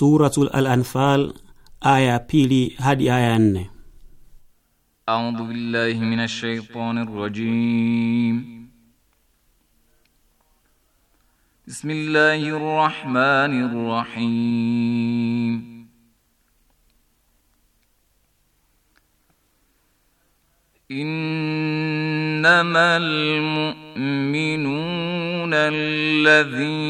Suratul Al-Anfal aya ya pili hadi aya ya nne. A'udhu billahi minash shaitani rrajim. Bismillahir rahmanir rahim. إنما المؤمنون الذين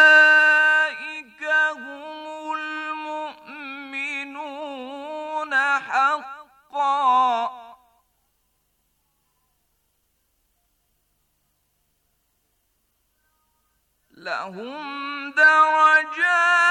lahum darajat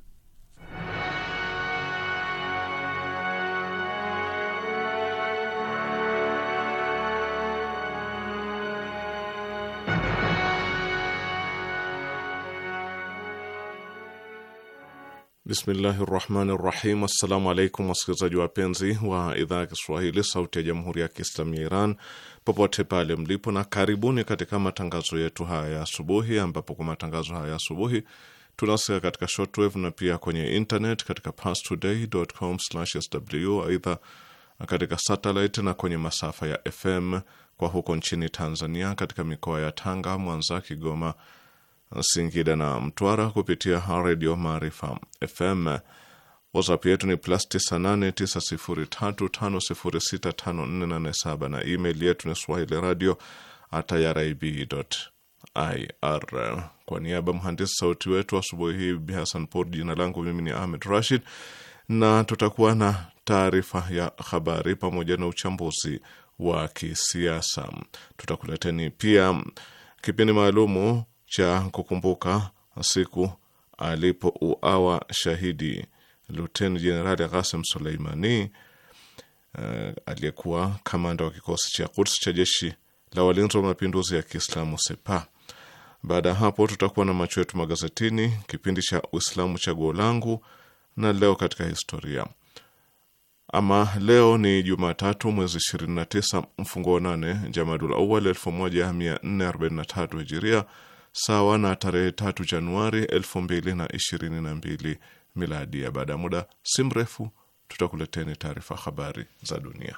Bismillahi rahmani rahim. Assalamu alaikum wasikilizaji wapenzi wa idhaa ya Kiswahili sauti ya jamhuri ya Kiislamu ya Iran popote pale mlipo, na karibuni katika matangazo yetu haya ya asubuhi, ambapo kwa matangazo haya ya asubuhi tunasika katika shortwave na pia kwenye internet katika pastoday.com/sw. Aidha, katika satellite na kwenye masafa ya FM kwa huko nchini Tanzania, katika mikoa ya Tanga, Mwanza, Kigoma Singida na Mtwara kupitia Redio Maarifa FM. WhatsApp yetu ni plus 989035065487 na email yetu ni swahili radio at irib.ir. Kwa niaba mhandisi sauti wetu asubuhi hii Bi Hasan Pod, jina langu mimi ni Ahmed Rashid, na tutakuwa na taarifa ya habari pamoja na uchambuzi wa kisiasa. Tutakuleteni pia kipindi maalumu cha kukumbuka siku alipouawa shahidi Luteni Jenerali Ghasim Suleimani, uh, eh, aliyekuwa kamanda wa kikosi cha Quds cha jeshi la walinzi wa mapinduzi ya Kiislamu Sepa. Baada ya hapo, tutakuwa na macho yetu magazetini, kipindi cha Uislamu chaguo langu na leo katika historia. Ama leo ni Jumatatu, mwezi 29 mfungo wa Jamadul Awal 1443 hijiria sawa na tarehe tatu Januari elfu mbili na ishirini na mbili miladi. Baada ya muda si mrefu, tutakuleteni taarifa habari za dunia.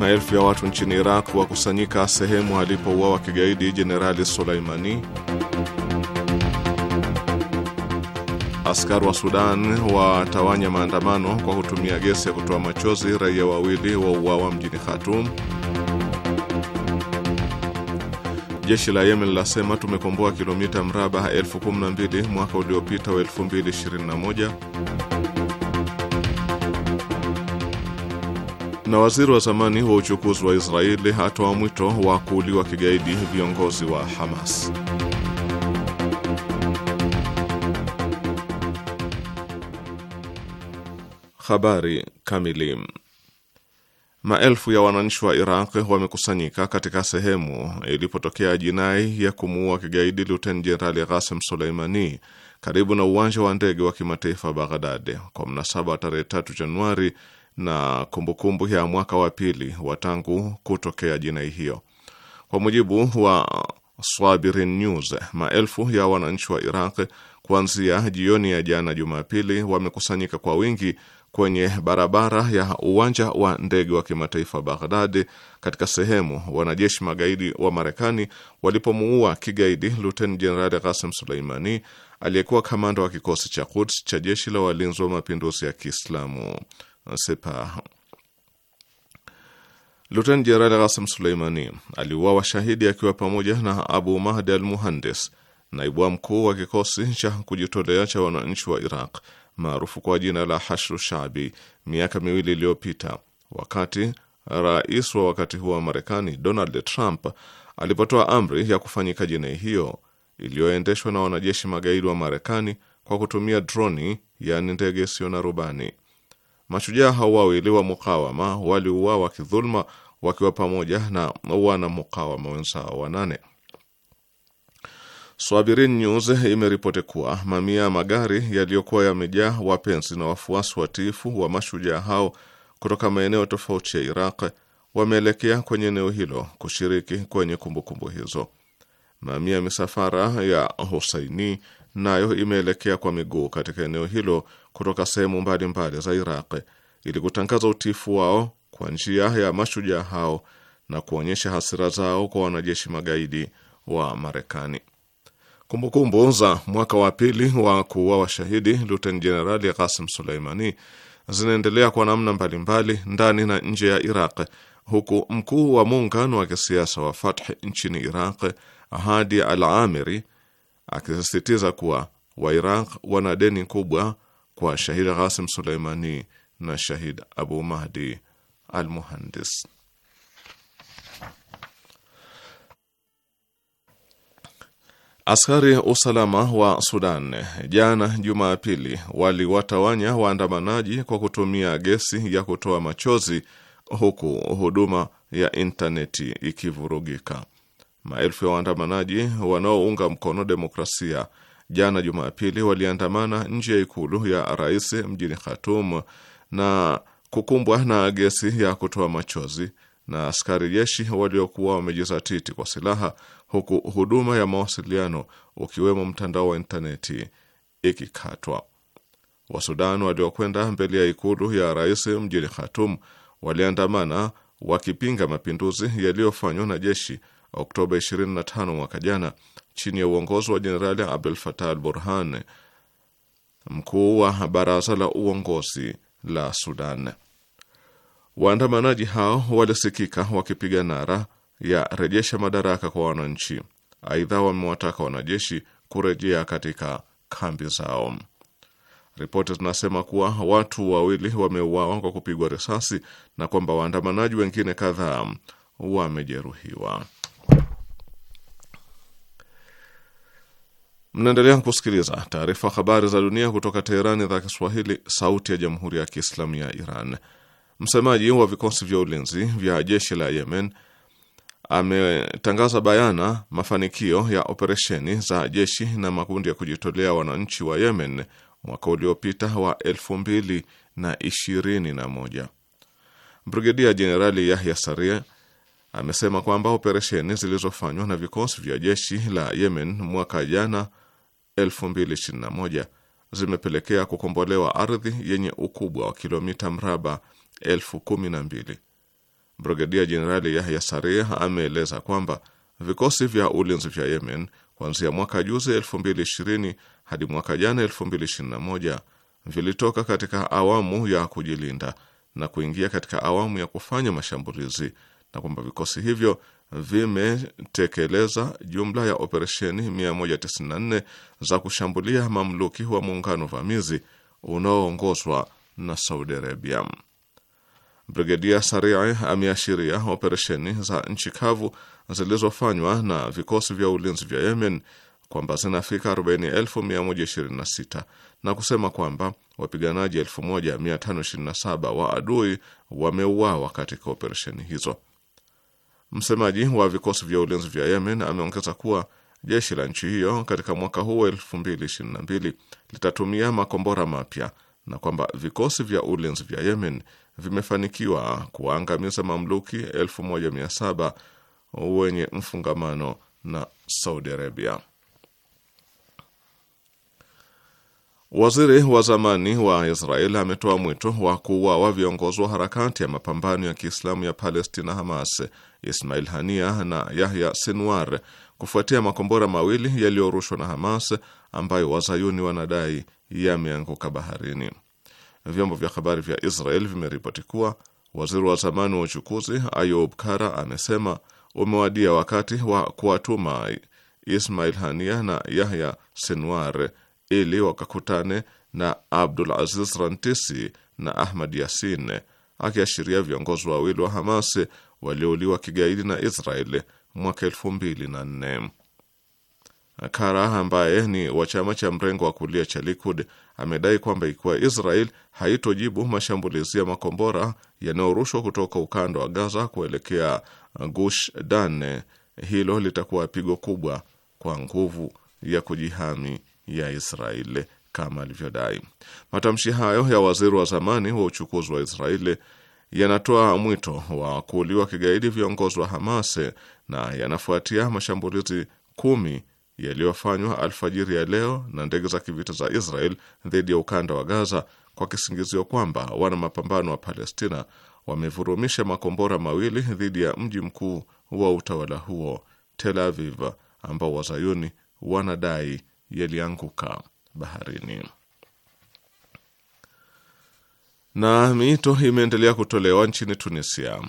Maelfu ya watu nchini Iraq wakusanyika sehemu alipouawa kigaidi Jenerali Suleimani. Askari wa Sudan watawanya maandamano kwa kutumia gesi ya kutoa machozi. Raia wawili wa uawa mjini Khartoum. Jeshi la Yemen lasema tumekomboa kilomita mraba elfu kumi na mbili mwaka uliopita wa 2021. Na waziri wa zamani wa uchukuzi wa Israeli hatoa mwito wa kuuliwa kigaidi viongozi wa Hamas. Habari kamili. Maelfu ya wananchi wa Iraq wamekusanyika katika sehemu ilipotokea jinai ya kumuua kigaidi Luten Jenerali ghasem Suleimani karibu na uwanja wa ndege wa kimataifa Baghdad kwa mnasaba wa tarehe 3 Januari na kumbukumbu ya mwaka wa pili wa tangu kutokea jinai hiyo. Kwa mujibu wa Swabirin News, maelfu ya wananchi wa Iraq kuanzia jioni ya jana Jumapili wamekusanyika kwa wingi kwenye barabara ya uwanja wa ndege wa kimataifa Baghdad, katika sehemu wanajeshi magaidi wa Marekani walipomuua kigaidi Luteni Jenerali asim Suleimani aliyekuwa kamanda wa kikosi cha Quds cha jeshi la walinzi wa mapinduzi ya Kiislamu. Sepah. Luteni Jenerali Qasim Suleimani aliuawa shahidi akiwa pamoja na Abu Mahdi al Muhandis, naibu mkuu wa kikosi cha kujitolea cha wananchi wa Iraq maarufu kwa jina la Hashru Shaabi miaka miwili iliyopita, wakati rais wa wakati huo wa Marekani Donald Trump alipotoa amri ya kufanyika jinai hiyo iliyoendeshwa na wanajeshi magaidi wa Marekani kwa kutumia droni, yaani ndege isiyo na rubani. Mashujaa hao wawili wa mukawama waliuawa kidhulma wakiwa pamoja na wana mukawama wenzao wanane. Swabirin News imeripoti kuwa mamia ya magari yaliyokuwa yamejaa wapenzi na wafuasi watiifu wa mashujaa hao kutoka maeneo tofauti ya Iraq wameelekea kwenye eneo hilo kushiriki kwenye kumbukumbu kumbu hizo. Mamia ya misafara ya Husaini nayo imeelekea kwa miguu katika eneo hilo kutoka sehemu mbalimbali za Iraq ili kutangaza utiifu wao kwa njia ya mashujaa hao na kuonyesha hasira zao kwa wanajeshi magaidi wa Marekani. Kumbukumbu za mwaka wa pili wa kuua washahidi Luten Jenerali Qasim Suleimani zinaendelea kwa namna mbalimbali ndani na nje ya Iraq, huku mkuu wa muungano wa kisiasa wa Fathi nchini Iraq Hadi Al Amiri akisisitiza kuwa Wairaq wana deni kubwa kwa Shahid Ghasim Suleimani na Shahid Abu Mahdi al Muhandis. Askari usalama wa Sudan jana Jumapili waliwatawanya waandamanaji kwa kutumia gesi ya kutoa machozi huku huduma ya intaneti ikivurugika. Maelfu ya waandamanaji wanaounga mkono demokrasia jana Jumapili waliandamana nje ya ikulu ya rais mjini Khartoum na kukumbwa na gesi ya kutoa machozi na askari jeshi waliokuwa wamejizatiti kwa silaha, huku huduma ya mawasiliano ukiwemo mtandao wa intaneti ikikatwa. wasudan waliokwenda mbele ya ikulu ya rais mjini Khartoum waliandamana wakipinga mapinduzi yaliyofanywa na jeshi Oktoba 25 mwaka jana chini ya uongozi wa Jenerali Abdel Fattah al Burhan, mkuu wa baraza la uongozi la Sudan. Waandamanaji hao walisikika wakipiga nara ya rejesha madaraka kwa wananchi. Aidha, wamewataka wanajeshi kurejea katika kambi zao. Ripoti zinasema kuwa watu wawili wameuawa kwa kupigwa risasi na kwamba waandamanaji wengine kadhaa wamejeruhiwa. Mnaendelea kusikiliza taarifa habari za dunia kutoka Teherani, idhaa Kiswahili, sauti ya jamhuri ya kiislamu ya Iran. Msemaji wa vikosi vya ulinzi vya jeshi la Yemen ametangaza bayana mafanikio ya operesheni za jeshi na makundi ya kujitolea wananchi wa Yemen mwaka uliopita wa elfu mbili na ishirini na moja. Brigedia Jenerali Yahya Saria amesema kwamba operesheni zilizofanywa na vikosi vya jeshi la Yemen mwaka jana 2021 zimepelekea kukombolewa ardhi yenye ukubwa wa kilomita mraba 12 Brigedia Jenerali Yahya Sareh ameeleza kwamba vikosi vya ulinzi vya Yemen kuanzia mwaka juzi 2020 hadi mwaka jana 2021 vilitoka katika awamu ya kujilinda na kuingia katika awamu ya kufanya mashambulizi na kwamba vikosi hivyo vimetekeleza jumla ya operesheni 194 za kushambulia mamluki wa muungano vamizi unaoongozwa na Saudi Arabia. Brigedia Sarii ameashiria operesheni za nchi kavu zilizofanywa na vikosi vya ulinzi vya Yemen kwamba zinafika 40,126 na kusema kwamba wapiganaji 1,527 wa adui wameuawa katika operesheni hizo. Msemaji wa vikosi vya ulinzi vya Yemen ameongeza kuwa jeshi la nchi hiyo katika mwaka huu wa 2022 litatumia makombora mapya na kwamba vikosi vya ulinzi vya Yemen vimefanikiwa kuwaangamiza mamluki 1700 wenye mfungamano na Saudi Arabia. Waziri wa zamani wa Israel ametoa mwito wa kuuawa viongozi wa harakati ya mapambano ya Kiislamu ya Palestina Hamas, Ismail Hania na Yahya Sinwar kufuatia makombora mawili yaliyorushwa na Hamas ambayo wazayuni wanadai yameanguka baharini. Vyombo vya habari vya Israel vimeripoti kuwa waziri wa zamani wa uchukuzi Ayub Kara amesema umewadia wakati wa kuwatuma Ismail Hania na Yahya Sinwar ili wakakutane na Abdul Aziz Rantisi na Ahmad Yasin, akiashiria viongozi wawili wa Hamas waliouliwa kigaidi na Israel mwaka elfu mbili na nne. Kara ambaye ni wa chama cha mrengo wa kulia cha Likud amedai kwamba ikiwa Israel haitojibu mashambulizi ya makombora yanayorushwa kutoka ukanda wa Gaza kuelekea Gush Dan, hilo litakuwa pigo kubwa kwa nguvu ya kujihami ya Israeli kama alivyodai. Matamshi hayo ya waziri wa zamani wa uchukuzi wa Israeli yanatoa mwito wa kuuliwa kigaidi viongozi wa Hamas na yanafuatia mashambulizi kumi yaliyofanywa alfajiri ya leo na ndege za kivita za Israel dhidi ya ukanda wa Gaza kwa kisingizio kwamba wana mapambano wa Palestina wamevurumisha makombora mawili dhidi ya mji mkuu wa utawala huo Tel Aviv, ambao wazayuni wanadai yalianguka baharini. Na miito imeendelea kutolewa nchini Tunisia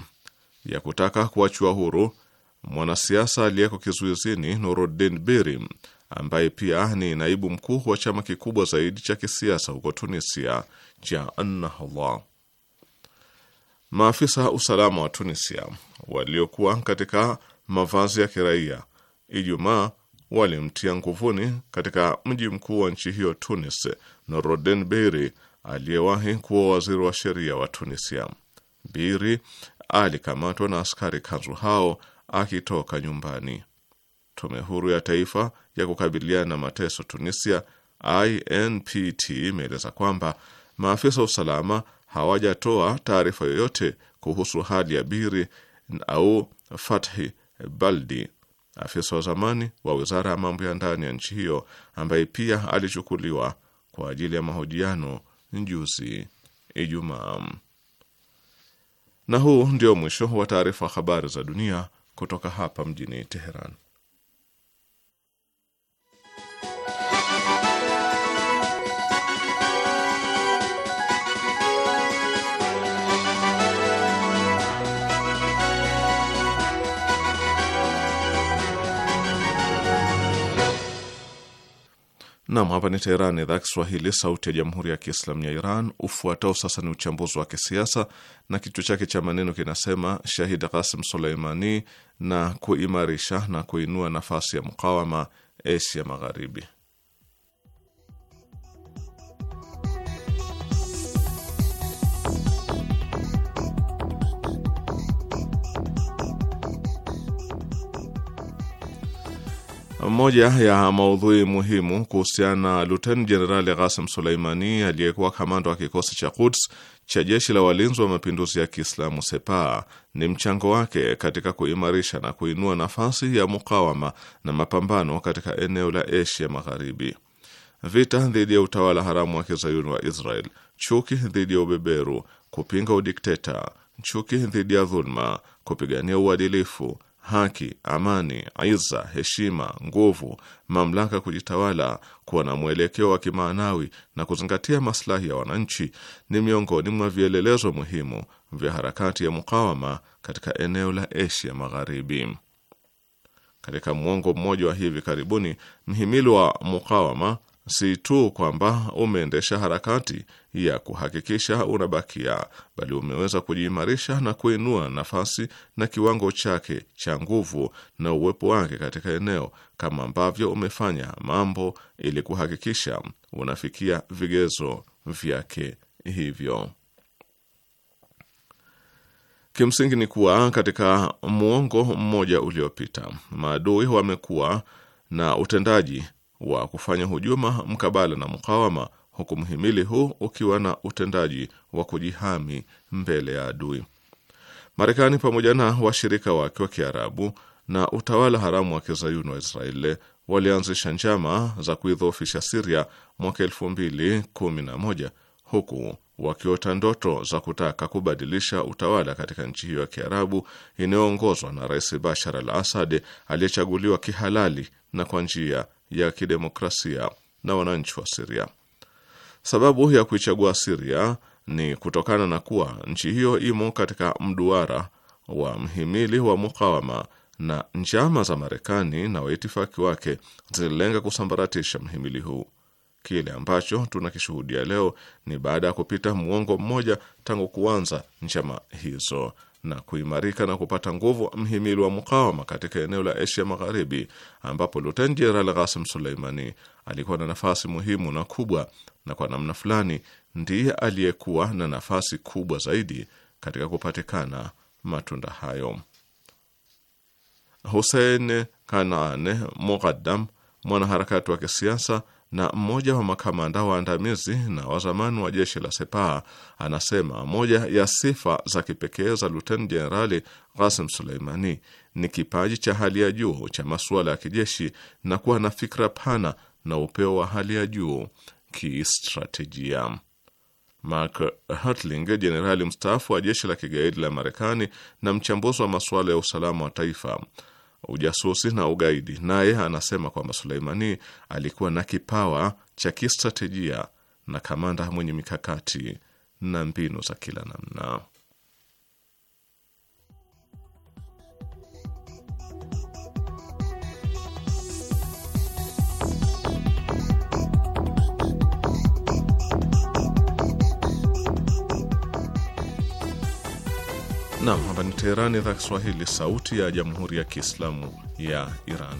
ya kutaka kuachiwa huru mwanasiasa aliyeko kizuizini Nuruddin Biri ambaye pia ni naibu mkuu wa chama kikubwa zaidi cha kisiasa huko Tunisia cha Ennahda. Maafisa usalama wa Tunisia waliokuwa katika mavazi ya kiraia Ijumaa walimtia nguvuni katika mji mkuu wa nchi hiyo Tunis, noroden Beri aliyewahi kuwa waziri wa sheria wa Tunisia. Biri alikamatwa na askari kanzu hao akitoka nyumbani. Tume huru ya taifa ya kukabiliana na mateso Tunisia, INPT, imeeleza kwamba maafisa wa usalama hawajatoa taarifa yoyote kuhusu hali ya Biri au Fathi Baldi afisa wa zamani wa wizara ya mambo ya ndani ya nchi hiyo ambaye pia alichukuliwa kwa ajili ya mahojiano juzi Ijumaa. Na huu ndio mwisho wa taarifa habari za dunia kutoka hapa mjini Teheran. Nam, hapa ni Teheran, idhaa Kiswahili, sauti ya jamhuri ya kiislamu ya Iran. Ufuatao sasa ni uchambuzi wa kisiasa na kichwa chake cha maneno kinasema: Shahid Qasim suleimani na kuimarisha na kuinua nafasi ya mkawama Asia Magharibi. moja ya maudhui muhimu kuhusiana na Luteni Jenerali ghasim Suleimani aliyekuwa kamanda wa kikosi cha Quds cha jeshi la walinzi wa mapinduzi ya Kiislamu Sepa ni mchango wake katika kuimarisha na kuinua nafasi ya mukawama na mapambano katika eneo la Asia Magharibi. Vita dhidi ya utawala haramu wa kizayuni wa Israel, chuki dhidi ya ubeberu, kupinga udikteta, chuki dhidi ya dhuluma, kupigania uadilifu haki, amani, aiza, heshima, nguvu, mamlaka kujitawala, kuwa na mwelekeo wa kimaanawi na kuzingatia maslahi ya wananchi ni miongoni mwa vielelezo muhimu vya harakati ya mukawama katika eneo la Asia Magharibi. Katika mwongo mmoja wa hivi karibuni, mhimili wa mukawama si tu kwamba umeendesha harakati ya kuhakikisha unabakia, bali umeweza kujiimarisha na kuinua nafasi na kiwango chake cha nguvu na uwepo wake katika eneo, kama ambavyo umefanya mambo ili kuhakikisha unafikia vigezo vyake hivyo. Kimsingi ni kuwa katika muongo mmoja uliopita maadui wamekuwa na utendaji wa kufanya hujuma mkabala na mukawama, huku mhimili huu ukiwa na utendaji wa kujihami mbele ya adui. Marekani pamoja na washirika wake wa Kiarabu na utawala haramu wa kizayuni wa Israeli walianzisha njama za kuidhoofisha Siria mwaka elfu mbili kumi na moja huku wakiota ndoto za kutaka kubadilisha utawala katika nchi hiyo ya Kiarabu inayoongozwa na Rais Bashar al Asad aliyechaguliwa kihalali na kwa njia ya kidemokrasia na wananchi wa Siria. Sababu ya kuichagua Siria ni kutokana na kuwa nchi hiyo imo katika mduara wa mhimili wa mukawama na njama za Marekani na waitifaki wake zililenga kusambaratisha mhimili huu. Kile ambacho tunakishuhudia leo ni baada ya kupita muongo mmoja tangu kuanza njama hizo na kuimarika na kupata nguvu mhimili wa mukawama katika eneo la Asia Magharibi, ambapo Luten Jeneral Qasim Suleimani alikuwa na nafasi muhimu na kubwa, na kwa namna fulani ndiye aliyekuwa na nafasi kubwa zaidi katika kupatikana matunda hayo. Hussein Kanaan Muqaddam, mwanaharakati wa kisiasa na mmoja wa makamanda waandamizi na wazamani wa jeshi la sepa anasema moja ya sifa za kipekee za Luteni Jenerali Qasim Suleimani ni kipaji cha hali ya juu cha masuala ya kijeshi na kuwa na fikra pana na upeo wa hali ya juu kistratejia. Mark Hartling, jenerali mstaafu wa jeshi la kigaidi la Marekani na mchambuzi wa masuala ya usalama wa taifa ujasusi na ugaidi. Naye anasema kwamba Suleimani alikuwa na kipawa cha kistratejia na kamanda mwenye mikakati na mbinu za kila namna. Nam, hapa ni Teherani, idhaa Kiswahili, sauti ya jamhuri ya kiislamu ya Iran.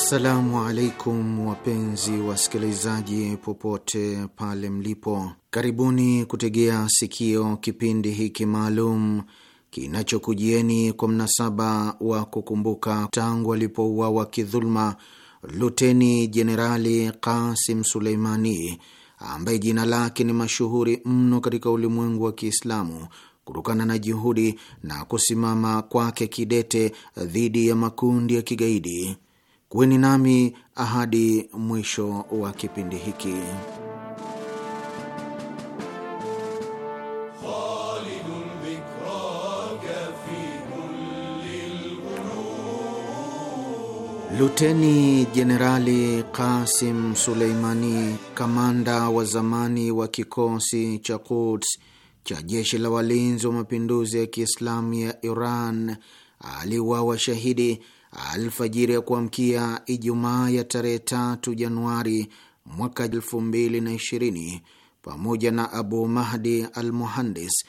Assalamu alaikum wapenzi wasikilizaji, popote pale mlipo, karibuni kutegea sikio kipindi hiki maalum kinachokujieni kwa mnasaba wa kukumbuka tangu alipouawa kidhuluma Luteni Jenerali Kasim Suleimani ambaye jina lake ni mashuhuri mno katika ulimwengu wa Kiislamu kutokana na juhudi na kusimama kwake kidete dhidi ya makundi ya kigaidi. Kuweni nami ahadi mwisho wa kipindi hiki. Luteni Jenerali Kasim Suleimani, kamanda wa zamani wa kikosi cha Quds cha jeshi la walinzi wa mapinduzi ya Kiislamu ya Iran, aliuawa shahidi alfajiri ya kuamkia Ijumaa ya tarehe 3 Januari mwaka ishirini pamoja na Abu Mahdi al Muhandis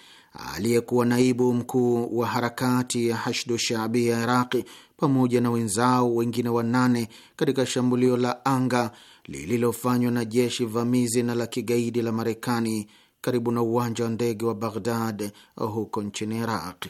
aliyekuwa naibu mkuu wa harakati ya Hashdu Shaabia ya Iraqi pamoja na wenzao wengine wanane katika shambulio la anga lililofanywa na jeshi vamizi na la kigaidi la Marekani karibu na uwanja wa ndege wa Baghdad huko nchini Iraq.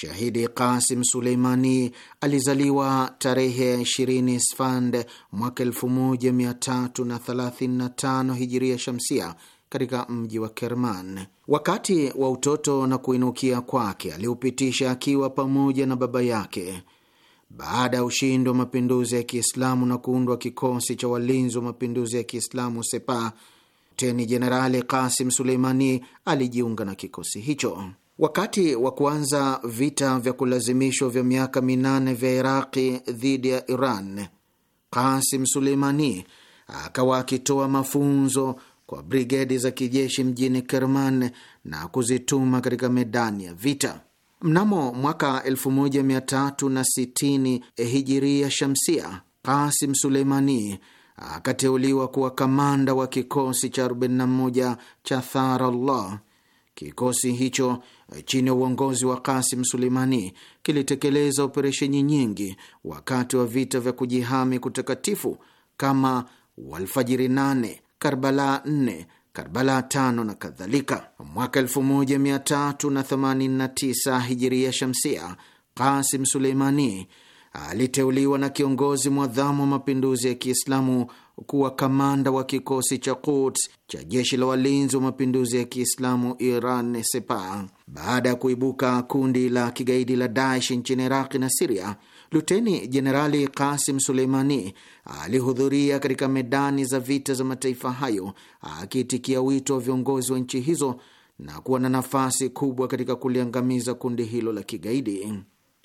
Shahidi Kasim Suleimani alizaliwa tarehe ya 20 Sfand mwaka 1335 hijiria shamsia katika mji wa Kerman. Wakati wa utoto na kuinukia kwake aliupitisha akiwa pamoja na baba yake. Baada ya ushindi wa mapinduzi ya Kiislamu na kuundwa kikosi cha walinzi wa mapinduzi ya Kiislamu Sepa, Luteni Jenerali Kasim Suleimani alijiunga na kikosi hicho. Wakati wa kuanza vita vya kulazimishwa vya miaka minane vya Iraqi dhidi ya Iran, Kasim Suleimani akawa akitoa mafunzo kwa brigedi za kijeshi mjini Kerman na kuzituma katika medani ya vita. Mnamo mwaka 1360 hijiria shamsia, Kasim Suleimani akateuliwa kuwa kamanda wa kikosi cha 41 cha Tharallah Allah Kikosi hicho eh, chini ya uongozi wa Kasim Suleimani kilitekeleza operesheni nyingi wakati wa vita vya kujihami kutakatifu kama Walfajiri 8, Karbala 4, Karbala 5 na kadhalika. Mwaka 1389 hijiria shamsia, Kasim Suleimani aliteuliwa na kiongozi mwadhamu wa mapinduzi ya Kiislamu kuwa kamanda wa kikosi cha Quds cha jeshi la walinzi wa mapinduzi ya Kiislamu Iran Sepah. Baada ya kuibuka kundi la kigaidi la Daesh nchini Iraqi na Siria, Luteni Jenerali Kasim Suleimani alihudhuria katika medani za vita za mataifa hayo akiitikia wito wa viongozi wa nchi hizo na kuwa na nafasi kubwa katika kuliangamiza kundi hilo la kigaidi.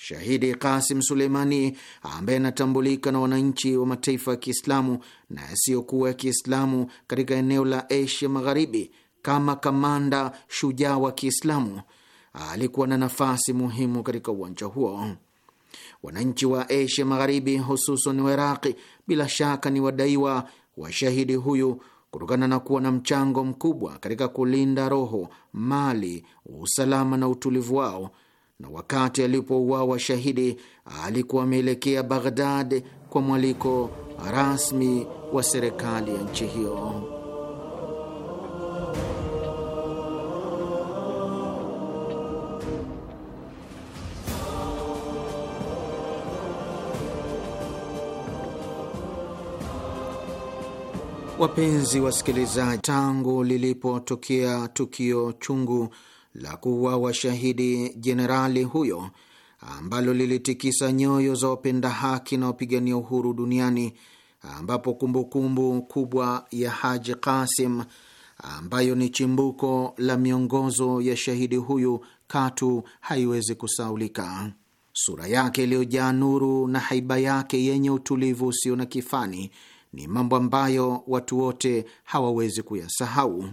Shahidi Kasim Suleimani, ambaye anatambulika na wananchi wa mataifa ya Kiislamu na yasiyokuwa ya Kiislamu katika eneo la Asia Magharibi kama kamanda shujaa wa Kiislamu, alikuwa na nafasi muhimu katika uwanja huo. Wananchi wa Asia Magharibi, hususan wa Iraqi, bila shaka ni wadaiwa wa shahidi huyu kutokana na kuwa na mchango mkubwa katika kulinda roho, mali, usalama na utulivu wao na wakati alipouawa shahidi alikuwa ameelekea Baghdad kwa mwaliko rasmi wa serikali ya nchi hiyo. Wapenzi wasikilizaji, tangu lilipotokea tukio chungu la kuwa washahidi jenerali huyo ambalo lilitikisa nyoyo za wapenda haki na wapigania uhuru duniani, ambapo kumbukumbu kumbu kubwa ya Haji Kasim ambayo ni chimbuko la miongozo ya shahidi huyu katu haiwezi kusaulika. Sura yake iliyojaa nuru na haiba yake yenye utulivu usio na kifani ni mambo ambayo watu wote hawawezi kuyasahau.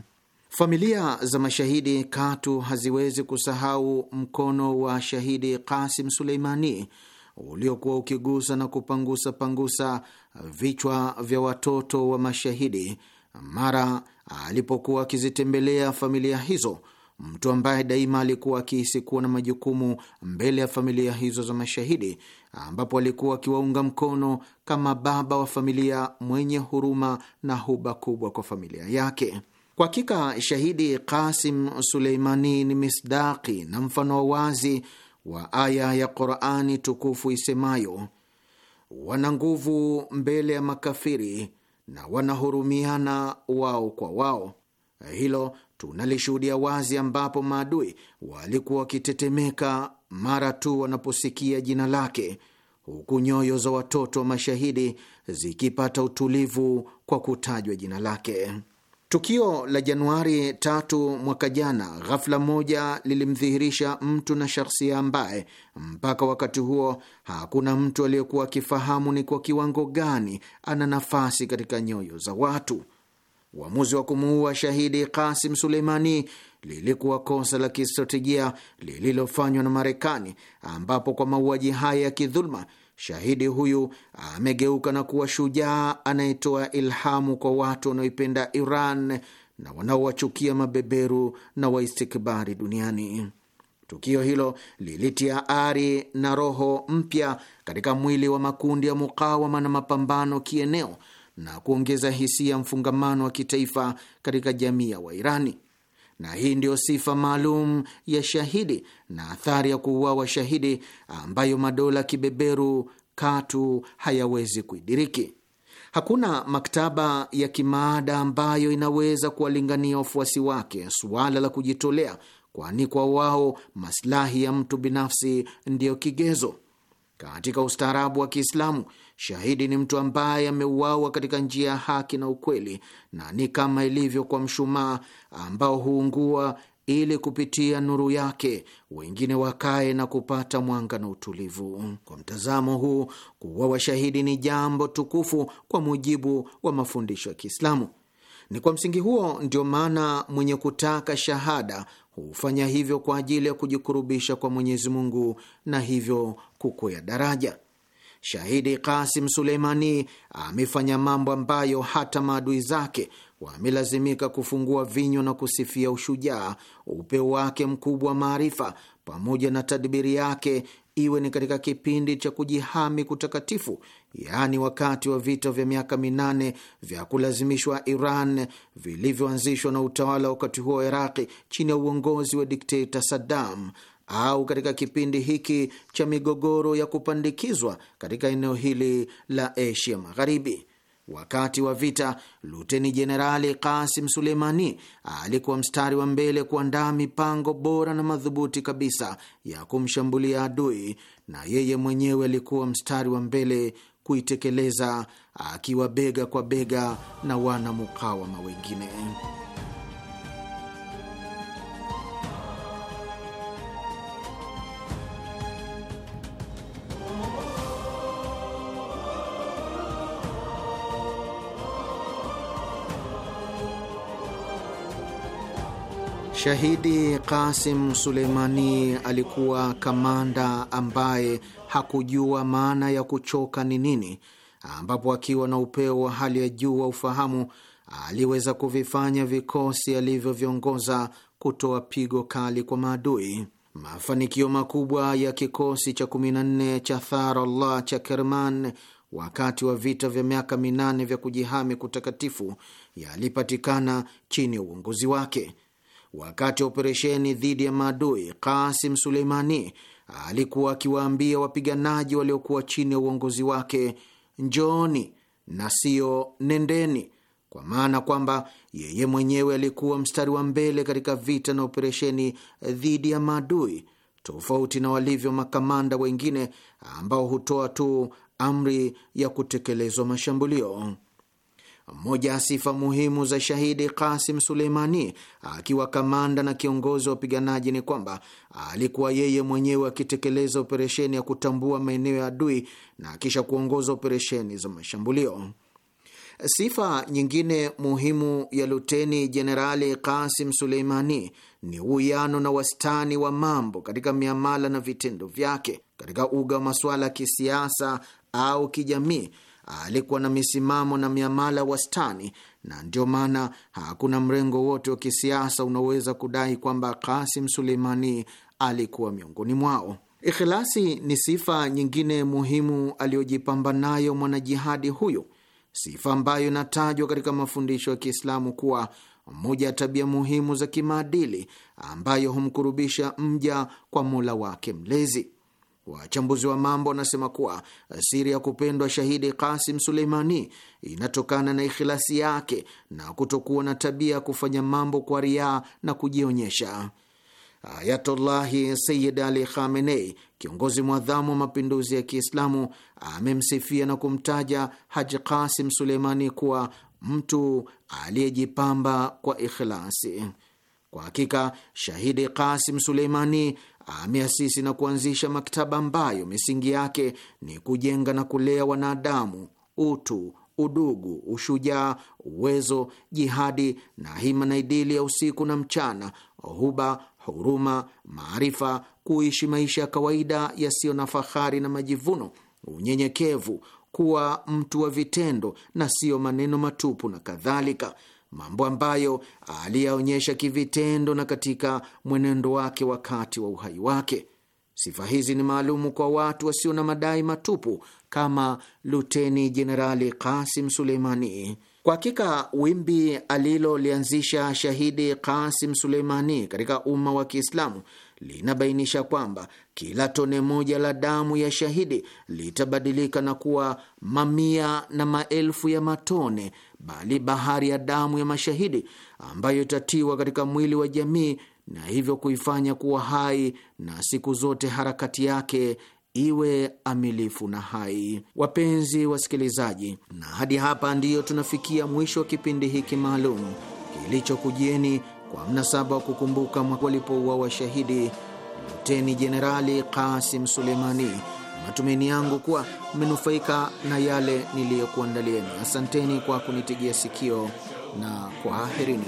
Familia za mashahidi katu haziwezi kusahau mkono wa shahidi Kasim Suleimani uliokuwa ukigusa na kupangusa pangusa vichwa vya watoto wa mashahidi mara alipokuwa akizitembelea familia hizo, mtu ambaye daima alikuwa akihisi kuwa na majukumu mbele ya familia hizo za mashahidi, ambapo alikuwa akiwaunga mkono kama baba wa familia mwenye huruma na huba kubwa kwa familia yake. Kwa hakika shahidi Kasim Suleimani ni misdaki na mfano wa wazi wa aya ya Qurani tukufu isemayo, wana nguvu mbele ya makafiri na wanahurumiana wao kwa wao. Hilo tunalishuhudia wazi, ambapo maadui walikuwa wakitetemeka mara tu wanaposikia jina lake, huku nyoyo za watoto wa mashahidi zikipata utulivu kwa kutajwa jina lake. Tukio la Januari tatu mwaka jana, ghafla moja lilimdhihirisha mtu na shahsia ambaye mpaka wakati huo hakuna mtu aliyekuwa akifahamu ni kwa kiwango gani ana nafasi katika nyoyo za watu. Uamuzi wa kumuua shahidi Kasim Suleimani lilikuwa kosa la kistratejia lililofanywa na Marekani, ambapo kwa mauaji haya ya kidhuluma Shahidi huyu amegeuka na kuwa shujaa anayetoa ilhamu kwa watu wanaoipenda Iran na wanaowachukia mabeberu na waistikbari duniani. Tukio hilo lilitia ari na roho mpya katika mwili wa makundi ya mukawama na mapambano kieneo na kuongeza hisia mfungamano wa kitaifa katika jamii ya Wairani na hii ndiyo sifa maalum ya shahidi na athari ya kuuawa shahidi ambayo madola kibeberu katu hayawezi kuidiriki. Hakuna maktaba ya kimaada ambayo inaweza kuwalingania wafuasi wake suala la kujitolea, kwani kwa wao maslahi ya mtu binafsi ndiyo kigezo. Katika ustaarabu wa Kiislamu, Shahidi ni mtu ambaye ameuawa katika njia ya haki na ukweli, na ni kama ilivyo kwa mshumaa ambao huungua ili kupitia nuru yake wengine wakae na kupata mwanga na utulivu. Kwa mtazamo huu, kuuawa shahidi ni jambo tukufu kwa mujibu wa mafundisho ya Kiislamu. Ni kwa msingi huo ndio maana mwenye kutaka shahada hufanya hivyo kwa ajili ya kujikurubisha kwa Mwenyezi Mungu na hivyo kukwea daraja. Shahidi Kasim Suleimani amefanya mambo ambayo hata maadui zake wamelazimika kufungua vinywa na kusifia ushujaa, upeo wake mkubwa wa maarifa, pamoja na tadbiri yake, iwe ni katika kipindi cha kujihami kutakatifu, yaani wakati wa vita vya miaka minane vya kulazimishwa Iran vilivyoanzishwa na utawala wakati huo wa Iraqi chini ya uongozi wa dikteta Saddam au katika kipindi hiki cha migogoro ya kupandikizwa katika eneo hili la Asia Magharibi. Wakati wa vita, Luteni Jenerali Kasim Suleimani alikuwa mstari wa mbele kuandaa mipango bora na madhubuti kabisa ya kumshambulia adui, na yeye mwenyewe alikuwa mstari wa mbele kuitekeleza, akiwa bega kwa bega na wanamukawama wengine. Shahidi Kasim Suleimani alikuwa kamanda ambaye hakujua maana ya kuchoka ni nini, ambapo akiwa na upeo wa hali ya juu wa ufahamu aliweza kuvifanya vikosi alivyoviongoza kutoa pigo kali kwa maadui. Mafanikio makubwa ya kikosi cha 14 cha Tharallah cha Kerman wakati wa vita vya miaka minane vya kujihami kutakatifu yalipatikana chini ya uongozi wake wakati wa operesheni dhidi ya maadui, Kasim Suleimani alikuwa akiwaambia wapiganaji waliokuwa chini ya uongozi wake, njooni na sio nendeni, kwa maana kwamba yeye mwenyewe alikuwa mstari wa mbele katika vita na operesheni dhidi ya maadui, tofauti na walivyo makamanda wengine ambao hutoa tu amri ya kutekelezwa mashambulio. Moja ya sifa muhimu za shahidi Kasim Suleimani akiwa kamanda na kiongozi wa wapiganaji ni kwamba alikuwa yeye mwenyewe akitekeleza operesheni ya kutambua maeneo ya adui na kisha kuongoza operesheni za mashambulio. Sifa nyingine muhimu ya Luteni Jenerali Kasim Suleimani ni uwiano na wastani wa mambo katika miamala na vitendo vyake. Katika uga wa masuala ya kisiasa au kijamii, alikuwa na misimamo na miamala wastani, na ndio maana hakuna mrengo wote wa kisiasa unaoweza kudai kwamba Kasim Suleimani alikuwa miongoni mwao. Ikhilasi ni sifa nyingine muhimu aliyojipamba nayo mwanajihadi huyo, sifa ambayo inatajwa katika mafundisho ya Kiislamu kuwa moja ya tabia muhimu za kimaadili ambayo humkurubisha mja kwa Mola wake Mlezi. Wachambuzi wa mambo wanasema kuwa siri ya kupendwa shahidi Kasim Suleimani inatokana na ikhilasi yake na kutokuwa na tabia ya kufanya mambo kwa riaa na kujionyesha. Ayatullahi Sayid Ali Khamenei, kiongozi mwadhamu wa mapinduzi ya Kiislamu, amemsifia na kumtaja Haji Kasim Suleimani kuwa mtu aliyejipamba kwa ikhilasi. Kwa hakika shahidi Kasim Suleimani ameasisi na kuanzisha maktaba ambayo misingi yake ni kujenga na kulea wanadamu, utu, udugu, ushujaa, uwezo, jihadi na hima na idili ya usiku na mchana, huba, huruma, maarifa, kuishi maisha ya kawaida yasiyo na fahari na majivuno, unyenyekevu, kuwa mtu wa vitendo na siyo maneno matupu na kadhalika mambo ambayo aliyaonyesha kivitendo na katika mwenendo wake wakati wa uhai wake. Sifa hizi ni maalumu kwa watu wasio na madai matupu kama Luteni Jenerali Kasim Suleimani. Kwa hakika wimbi alilolianzisha shahidi Kasim Suleimani katika umma wa Kiislamu linabainisha kwamba kila tone moja la damu ya shahidi litabadilika na kuwa mamia na maelfu ya matone, bali bahari ya damu ya mashahidi ambayo itatiwa katika mwili wa jamii na hivyo kuifanya kuwa hai na siku zote harakati yake iwe amilifu na hai. Wapenzi wasikilizaji, na hadi hapa ndiyo tunafikia mwisho wa kipindi hiki maalum kilichokujieni kwa mnasaba wa kukumbuka walipouawa washahidi Luteni Jenerali Kasim Suleimani. Matumaini yangu kuwa mmenufaika na yale niliyokuandalieni. Asanteni kwa kunitegea sikio na kwaherini.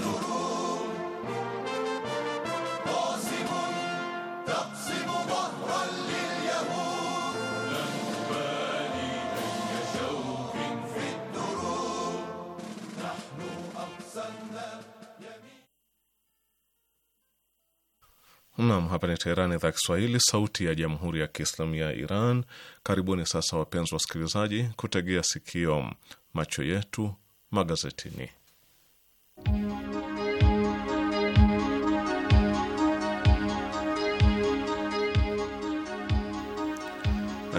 nam hapa ni Teherani, idhaa Kiswahili, sauti ya jamhuri ya kiislamu ya Iran. Karibuni sasa, wapenzi wasikilizaji, kutegea sikio macho yetu magazetini.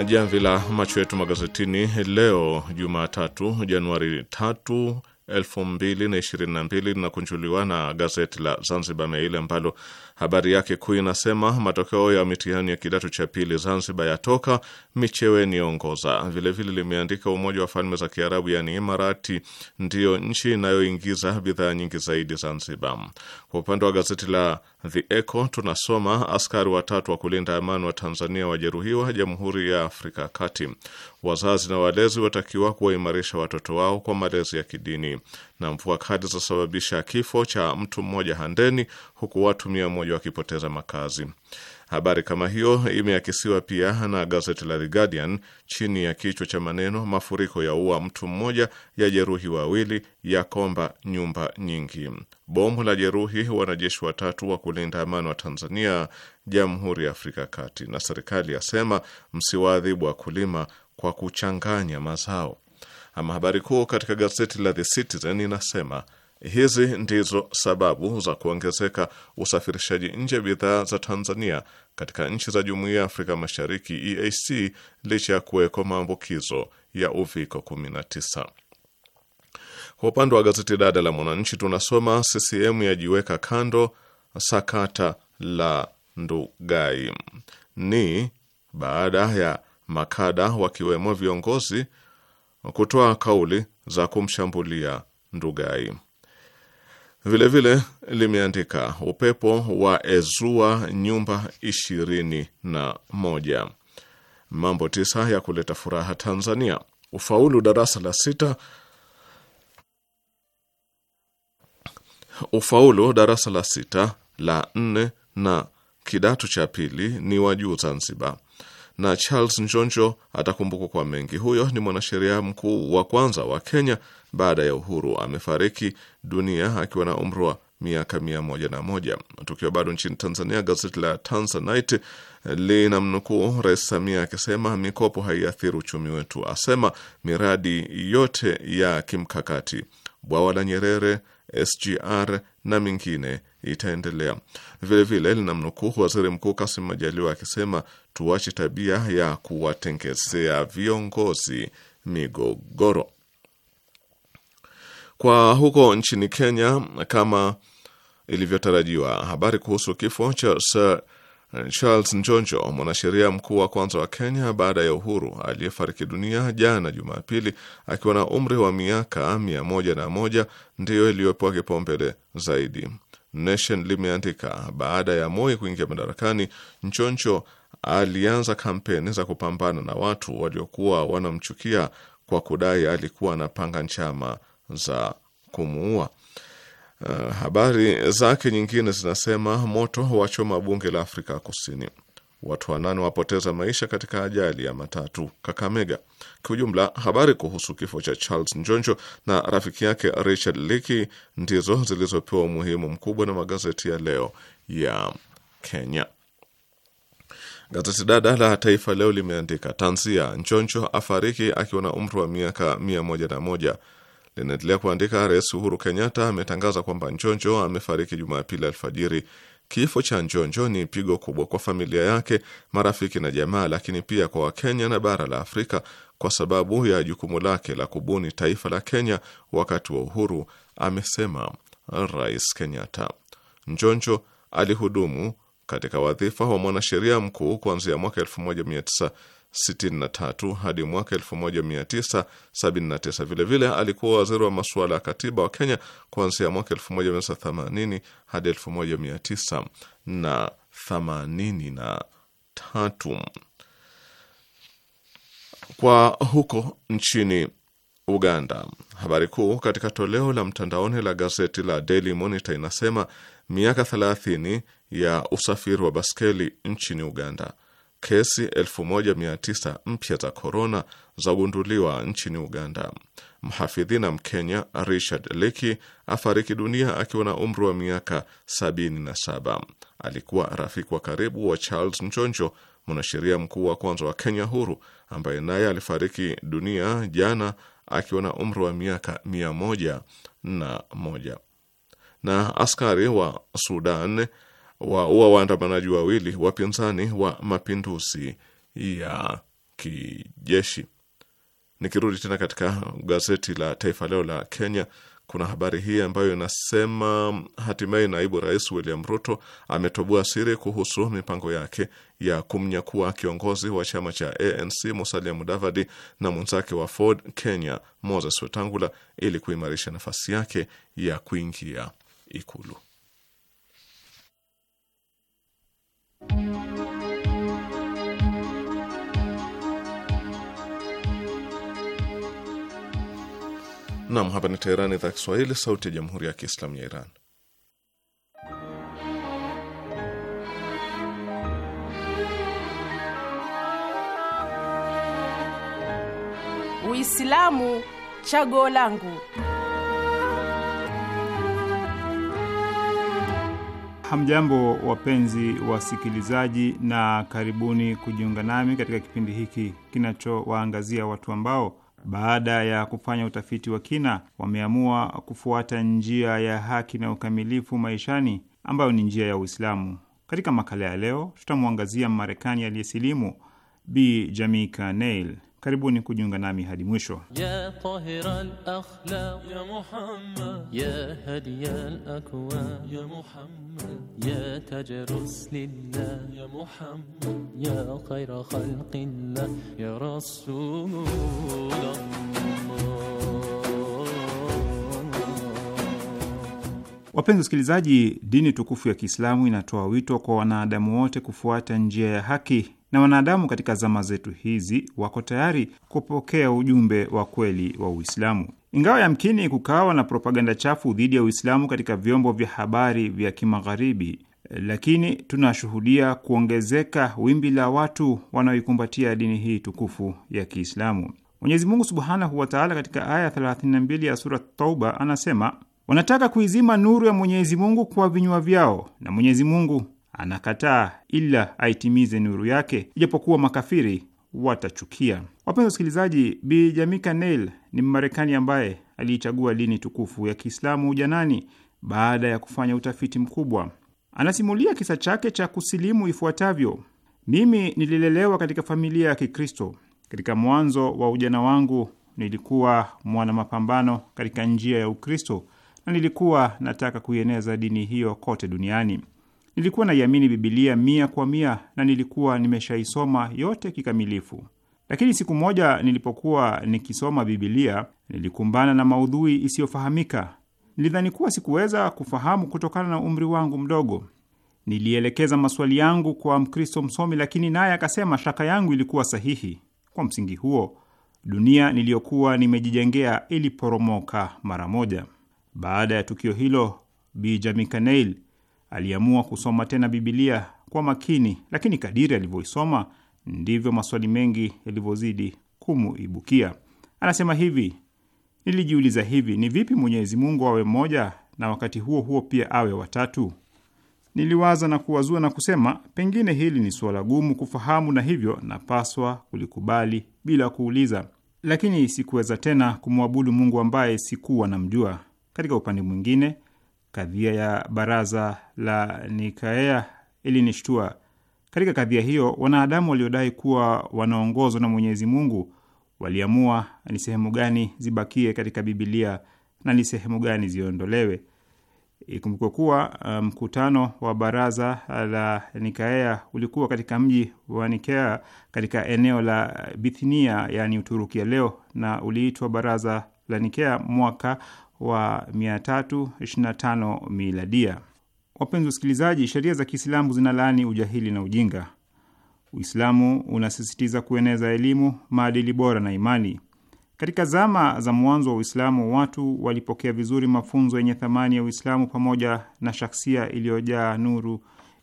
Jamvi la macho yetu magazetini leo Jumatatu Januari tatu 2022 linakunjuliwa na gazeti la Zanzibar Mail ambalo habari yake kuu inasema matokeo ya mitihani ya kidato cha pili Zanzibar yatoka, Micheweni ongoza. Vilevile limeandika Umoja wa Falme za Kiarabu yani Imarati ndiyo nchi inayoingiza bidhaa nyingi zaidi Zanzibar. Kwa upande wa gazeti la The Echo tunasoma askari watatu wa kulinda amani wa Tanzania wajeruhiwa Jamhuri ya Afrika Kati. Wazazi na walezi watakiwa kuwaimarisha watoto wao kwa malezi ya kidini. Na mvua kali zasababisha kifo cha mtu mmoja Handeni, huku watu mia moja wakipoteza makazi. Habari kama hiyo imeakisiwa pia na gazeti la The Guardian chini ya kichwa cha maneno mafuriko ya ua mtu mmoja, ya jeruhi wawili, ya komba nyumba nyingi. Bomu la jeruhi wanajeshi watatu wa kulinda amani wa Tanzania, Jamhuri ya Afrika Kati. Na serikali yasema msiwaadhibu wakulima kwa kuchanganya mazao. Ama habari kuu katika gazeti la The Citizen inasema hizi ndizo sababu za kuongezeka usafirishaji nje bidhaa za Tanzania katika nchi za Jumuiya ya Afrika Mashariki EAC licha ya kuweko maambukizo ya uviko 19. Kwa upande wa gazeti dada la Mwananchi tunasoma CCM yajiweka kando sakata la Ndugai ni baada ya makada wakiwemo viongozi kutoa kauli za kumshambulia Ndugai. Vilevile limeandika upepo wa ezua nyumba ishirini na moja, mambo tisa ya kuleta furaha Tanzania, ufaulu darasa la sita ufaulu darasa la sita la nne na kidato cha pili ni wa juu Zanzibar na Charles Njonjo atakumbukwa kwa mengi. Huyo ni mwanasheria mkuu wa kwanza wa Kenya baada ya uhuru. Amefariki dunia akiwa na umri wa miaka mia moja na moja. Tukiwa bado nchini Tanzania, gazeti la Tanzanite eh, linamnukuu Rais Samia akisema mikopo haiathiri uchumi wetu, asema miradi yote ya kimkakati bwawa la Nyerere, SGR na mingine itaendelea. Vilevile linamnukuu waziri mkuu Kasim Majaliwa akisema tuache tabia ya kuwatengezea viongozi migogoro. Kwa huko nchini Kenya, kama ilivyotarajiwa, habari kuhusu kifo cha Sir Charles Njonjo, mwanasheria mkuu wa kwanza wa Kenya baada ya uhuru, aliyefariki dunia jana Jumapili akiwa na umri wa miaka mia moja na moja ndiyo iliyopewa kipaumbele zaidi. Nation limeandika baada ya Moi kuingia madarakani, Nchoncho alianza kampeni za kupambana na watu waliokuwa wanamchukia kwa kudai alikuwa anapanga njama za kumuua. Uh, habari zake nyingine zinasema moto wachoma bunge la Afrika Kusini watu wanane wapoteza maisha katika ajali ya matatu Kakamega. Kiujumla, habari kuhusu kifo cha Charles Njonjo na rafiki yake Richard Leakey ndizo zilizopewa umuhimu mkubwa na magazeti ya leo ya Kenya. Gazeti dada la Taifa Leo limeandika tanzia, Njonjo afariki akiwa na umri wa miaka mia moja na moja. Linaendelea kuandika, Rais Uhuru Kenyatta ametangaza kwamba Njonjo amefariki Jumapili alfajiri Kifo cha Njonjo ni pigo kubwa kwa familia yake, marafiki na jamaa, lakini pia kwa Wakenya na bara la Afrika kwa sababu ya jukumu lake la kubuni taifa la Kenya wakati wa uhuru, amesema Rais Kenyatta. Njonjo alihudumu katika wadhifa wa mwanasheria mkuu kuanzia mwaka 19 63 hadi mwaka 1979. Vilevile alikuwa waziri wa masuala ya katiba wa Kenya kuanzia mwaka 1980 hadi 1983. Kwa huko nchini Uganda, habari kuu katika toleo la mtandaoni la gazeti la Daily Monitor inasema miaka 30 ya usafiri wa baskeli nchini Uganda kesi 1900 mpya za korona zagunduliwa nchini Uganda. Mhafidhina Mkenya Richard Leki afariki dunia akiwa na umri wa miaka 77. Alikuwa rafiki wa karibu wa Charles Njonjo, mwanasheria mkuu wa kwanza wa Kenya huru, ambaye naye alifariki dunia jana akiwa na umri wa miaka mia moja na moja. Na askari wa Sudan waua waandamanaji wawili wapinzani wa mapinduzi ya kijeshi. Nikirudi tena katika gazeti la Taifa Leo la Kenya, kuna habari hii ambayo inasema hatimaye naibu rais William Ruto ametoboa siri kuhusu mipango yake ya kumnyakua kiongozi wa chama cha ANC Musalia Mudavadi na mwenzake wa Ford Kenya Moses Wetangula ili kuimarisha nafasi yake ya kuingia Ikulu. Nam, hapa ni Teherani, idhaa Kiswahili, sauti ya jamhuri ya kiislamu ya Iran. Uislamu chaguo langu. Hamjambo, wapenzi wasikilizaji, na karibuni kujiunga nami katika kipindi hiki kinachowaangazia watu ambao baada ya kufanya utafiti wa kina wameamua kufuata njia ya haki na ukamilifu maishani ambayo ni njia ya Uislamu. Katika makala ya leo, tutamwangazia marekani aliyesilimu Bi Jamika Neil. Karibuni kujiunga nami hadi mwisho. Wapenzi wasikilizaji, dini tukufu ya Kiislamu inatoa wito kwa wanadamu wote kufuata njia ya haki na wanadamu katika zama zetu hizi wako tayari kupokea ujumbe wa kweli wa Uislamu, ingawa yamkini kukawa na propaganda chafu dhidi ya Uislamu katika vyombo vya habari vya Kimagharibi, lakini tunashuhudia kuongezeka wimbi la watu wanaoikumbatia dini hii tukufu ya Kiislamu. Mwenyezi Mungu subhanahu wa taala katika aya 32 ya sura Tauba anasema, wanataka kuizima nuru ya Mwenyezi Mungu kwa vinywa vyao, na Mwenyezi Mungu anakataa ila aitimize nuru yake, ijapokuwa makafiri watachukia. Wapenzi wasikilizaji, Bi Jamika Neil ni Mmarekani ambaye aliichagua dini tukufu ya Kiislamu ujanani baada ya kufanya utafiti mkubwa. Anasimulia kisa chake cha kusilimu ifuatavyo: mimi nililelewa katika familia ya Kikristo. Katika mwanzo wa ujana wangu nilikuwa mwana mapambano katika njia ya Ukristo na nilikuwa nataka kuieneza dini hiyo kote duniani. Nilikuwa naiamini Bibilia mia kwa mia na nilikuwa nimeshaisoma yote kikamilifu, lakini siku moja nilipokuwa nikisoma Bibilia nilikumbana na maudhui isiyofahamika. Nilidhani kuwa sikuweza kufahamu kutokana na umri wangu mdogo. Nilielekeza maswali yangu kwa Mkristo msomi, lakini naye akasema shaka yangu ilikuwa sahihi. Kwa msingi huo, dunia niliyokuwa nimejijengea iliporomoka mara moja. Baada ya tukio hilo, Bi Jamika Neil aliamua kusoma tena Bibilia kwa makini, lakini kadiri alivyoisoma ndivyo maswali mengi yalivyozidi kumuibukia. Anasema hivi: nilijiuliza hivi, ni vipi Mwenyezi Mungu awe mmoja na wakati huo huo pia awe watatu? Niliwaza na kuwazua na kusema, pengine hili ni suala gumu kufahamu, na hivyo napaswa kulikubali bila kuuliza, lakini sikuweza tena kumwabudu Mungu ambaye sikuwa namjua. Katika upande mwingine Kadhia ya baraza la Nikaea ilinishtua. Katika kadhia hiyo, wanadamu waliodai kuwa wanaongozwa na Mwenyezi Mungu waliamua ni sehemu gani zibakie katika Bibilia na ni sehemu gani ziondolewe. Ikumbukwe kuwa uh, mkutano um, wa baraza la Nikaea ulikuwa katika mji wa Nikea katika eneo la Bithinia, yaani Uturuki ya leo, na uliitwa baraza la Nikea mwaka wa 325 miladia. Wapenzi wasikilizaji, sheria za Kiislamu zinalaani ujahili na ujinga. Uislamu unasisitiza kueneza elimu, maadili bora na imani. Katika zama za mwanzo wa Uislamu, watu walipokea vizuri mafunzo yenye thamani ya Uislamu pamoja na shaksia iliyojaa nuru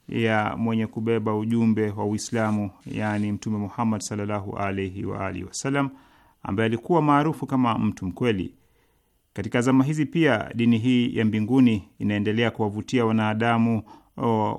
ya mwenye kubeba ujumbe wa Uislamu, yaani Mtume Muhammad sallallahu alaihi wa alihi wasallam, ambaye alikuwa maarufu kama mtu mkweli. Katika zama hizi pia dini hii ya mbinguni inaendelea kuwavutia wanadamu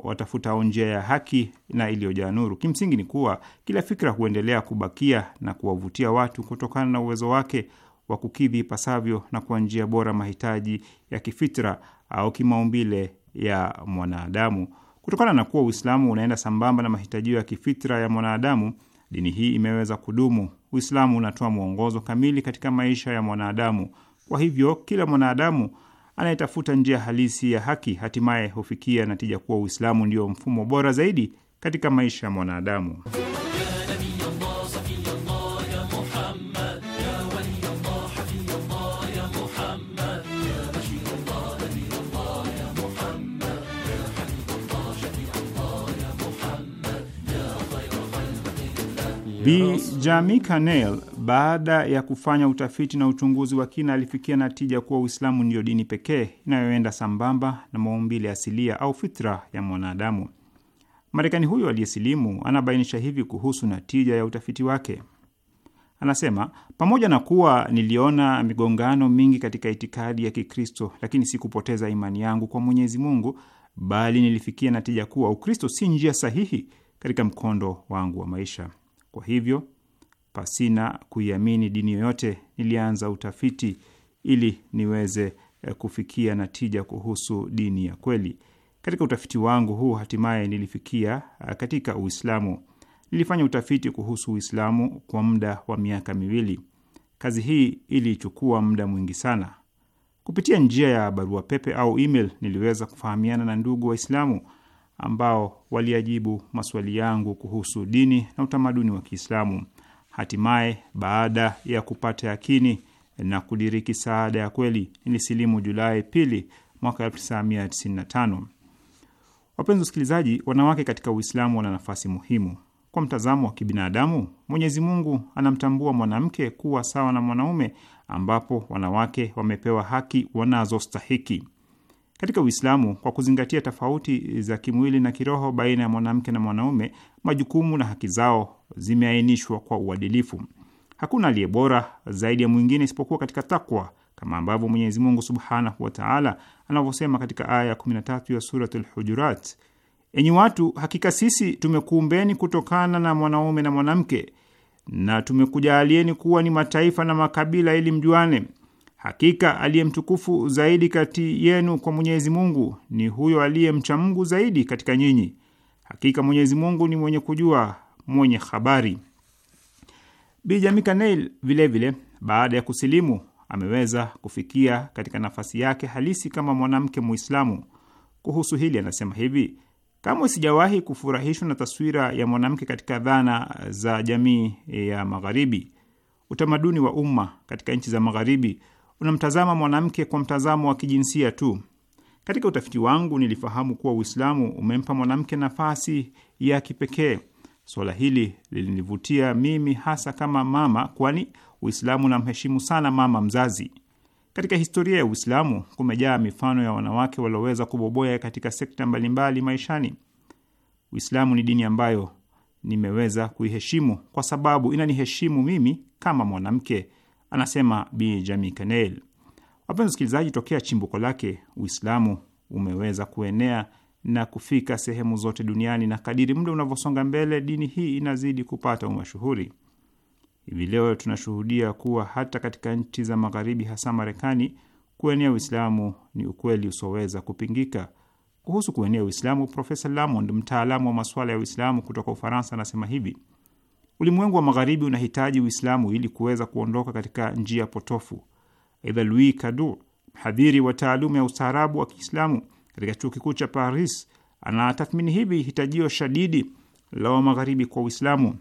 watafuta au njia ya haki na iliyojaa nuru. Kimsingi ni kuwa kila fikra huendelea kubakia na kuwavutia watu kutokana na uwezo wake wa kukidhi ipasavyo na kwa njia bora mahitaji ya kifitra au kimaumbile ya mwanadamu. Kutokana na kuwa Uislamu unaenda sambamba na mahitajio ya kifitra ya mwanadamu, dini hii imeweza kudumu. Uislamu unatoa mwongozo kamili katika maisha ya mwanadamu kwa hivyo kila mwanadamu anayetafuta njia halisi ya haki hatimaye hufikia natija kuwa Uislamu ndio mfumo bora zaidi katika maisha ya mwanadamu. Bi baada ya kufanya utafiti na uchunguzi wa kina, alifikia natija kuwa Uislamu ndiyo dini pekee inayoenda sambamba na maumbile asilia au fitra ya mwanadamu. Marekani huyo aliyesilimu anabainisha hivi kuhusu natija ya utafiti wake. Anasema, pamoja na kuwa niliona migongano mingi katika itikadi ya Kikristo, lakini sikupoteza imani yangu kwa Mwenyezi Mungu, bali nilifikia natija kuwa Ukristo si njia sahihi katika mkondo wangu wa maisha. Kwa hivyo pasina kuiamini dini yoyote. Nilianza utafiti ili niweze eh, kufikia natija kuhusu dini ya kweli. Katika utafiti wangu huu hatimaye nilifikia eh, katika Uislamu. Nilifanya utafiti kuhusu Uislamu kwa muda wa miaka miwili. Kazi hii ilichukua muda mwingi sana. Kupitia njia ya barua pepe au email, niliweza kufahamiana na ndugu Waislamu ambao waliajibu maswali yangu kuhusu dini na utamaduni wa Kiislamu. Hatimaye, baada ya kupata yakini na kudiriki saada ya kweli, nilisilimu Julai pili mwaka 1995. Wapenzi wasikilizaji, wanawake katika Uislamu wana nafasi muhimu. Kwa mtazamo wa kibinadamu, Mwenyezi Mungu anamtambua mwanamke kuwa sawa na mwanaume, ambapo wanawake wamepewa haki wanazostahiki. Katika Uislamu, kwa kuzingatia tofauti za kimwili na kiroho baina ya mwanamke na mwanaume, majukumu na haki zao zimeainishwa kwa uadilifu. Hakuna aliye bora zaidi ya mwingine isipokuwa katika takwa, kama ambavyo Mwenyezi Mungu subhanahu wa taala anavyosema katika aya ya 13 ya Surat lhujurat enyi watu, hakika sisi tumekuumbeni kutokana na mwanaume na mwanamke na tumekujaalieni kuwa ni mataifa na makabila ili mjuane Hakika aliye mtukufu zaidi kati yenu kwa Mwenyezi Mungu ni huyo aliye mcha Mungu zaidi katika nyinyi. Hakika Mwenyezi Mungu ni mwenye kujua, mwenye habari. Bi Jamika Neil vilevile, baada ya kusilimu, ameweza kufikia katika nafasi yake halisi kama mwanamke Muislamu. Kuhusu hili anasema hivi: Kamwe sijawahi kufurahishwa na taswira ya mwanamke katika dhana za jamii ya Magharibi. Utamaduni wa umma katika nchi za Magharibi unamtazama mwanamke kwa mtazamo wa kijinsia tu. Katika utafiti wangu nilifahamu kuwa Uislamu umempa mwanamke nafasi ya kipekee. Suala hili lilinivutia mimi hasa kama mama, kwani Uislamu unamheshimu sana mama mzazi. Katika historia ya Uislamu kumejaa mifano ya wanawake walioweza kuboboya katika sekta mbalimbali maishani. Uislamu ni dini ambayo nimeweza kuiheshimu kwa sababu inaniheshimu mimi kama mwanamke anasema Bi Jami Kanel. Wapenzi wasikilizaji, tokea chimbuko lake Uislamu umeweza kuenea na kufika sehemu zote duniani, na kadiri muda unavyosonga mbele, dini hii inazidi kupata umashuhuri. Hivi leo tunashuhudia kuwa hata katika nchi za Magharibi, hasa Marekani, kuenea Uislamu ni ukweli usioweza kupingika. Kuhusu kuenea Uislamu, Profesa Lamond, mtaalamu wa masuala ya Uislamu kutoka Ufaransa, anasema hivi: Ulimwengu wa Magharibi unahitaji Uislamu ili kuweza kuondoka katika njia potofu. Aidha, Louis Kadu, mhadhiri wa taaluma ya ustaarabu wa Kiislamu katika chuo kikuu cha Paris, anatathmini hivi hitajio shadidi la Wamagharibi kwa Uislamu.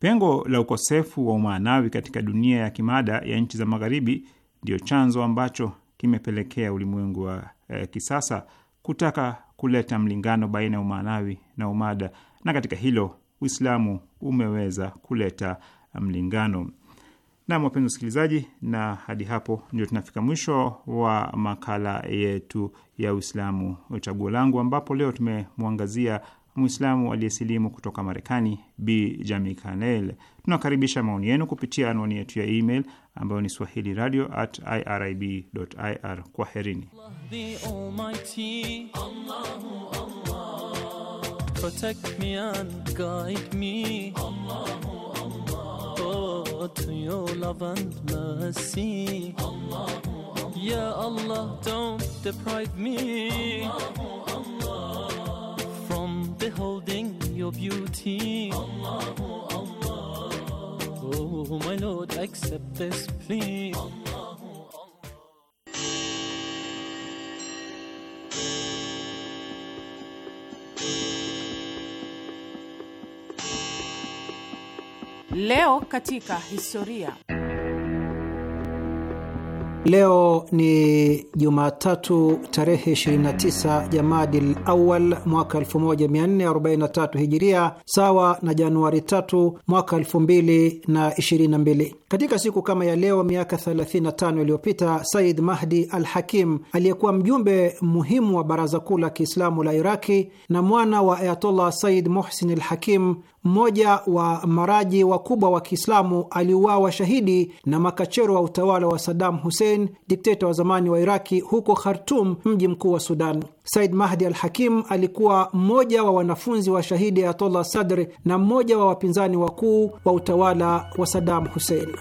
Pengo la ukosefu wa umaanawi katika dunia ya kimada ya nchi za Magharibi ndiyo chanzo ambacho kimepelekea ulimwengu wa eh, kisasa kutaka kuleta mlingano baina ya umaanawi na umada, na katika hilo Uislamu umeweza kuleta mlingano. Nam, wapenzi wasikilizaji, na hadi hapo ndio tunafika mwisho wa makala yetu ya Uislamu Chaguo Langu, ambapo leo tumemwangazia Mwislamu aliyesilimu kutoka Marekani, B Jami Canel. Tunakaribisha maoni yenu kupitia anwani yetu ya email ambayo ni swahili radio at Kwaherini Allah, protect me and guide me. Allahu Allah. Oh, to your love and mercy. Allahu Allah. Yeah, Allah, don't deprive me. Allahu Allah. From beholding your beauty. Allahu Allah. Oh, my Lord, accept this plea. Allah. Leo katika historia. Leo ni Jumatatu tarehe 29 Jamadil Awal mwaka 1443 Hijiria, sawa na Januari 3 mwaka 2022. Katika siku kama ya leo miaka 35 iliyopita Said Mahdi al Hakim aliyekuwa mjumbe muhimu wa Baraza Kuu la Kiislamu la Iraki na mwana wa Ayatollah Said Mohsin al Hakim, mmoja wa maraji wakubwa wa Kiislamu, aliuawa shahidi na makachero wa utawala wa Saddam Hussein, dikteta wa zamani wa Iraki, huko Khartum, mji mkuu wa Sudan. Said Mahdi al Hakim alikuwa mmoja wa wanafunzi wa shahidi Ayatollah Sadri na mmoja wa wapinzani wakuu wa utawala wa sadamu Hussein.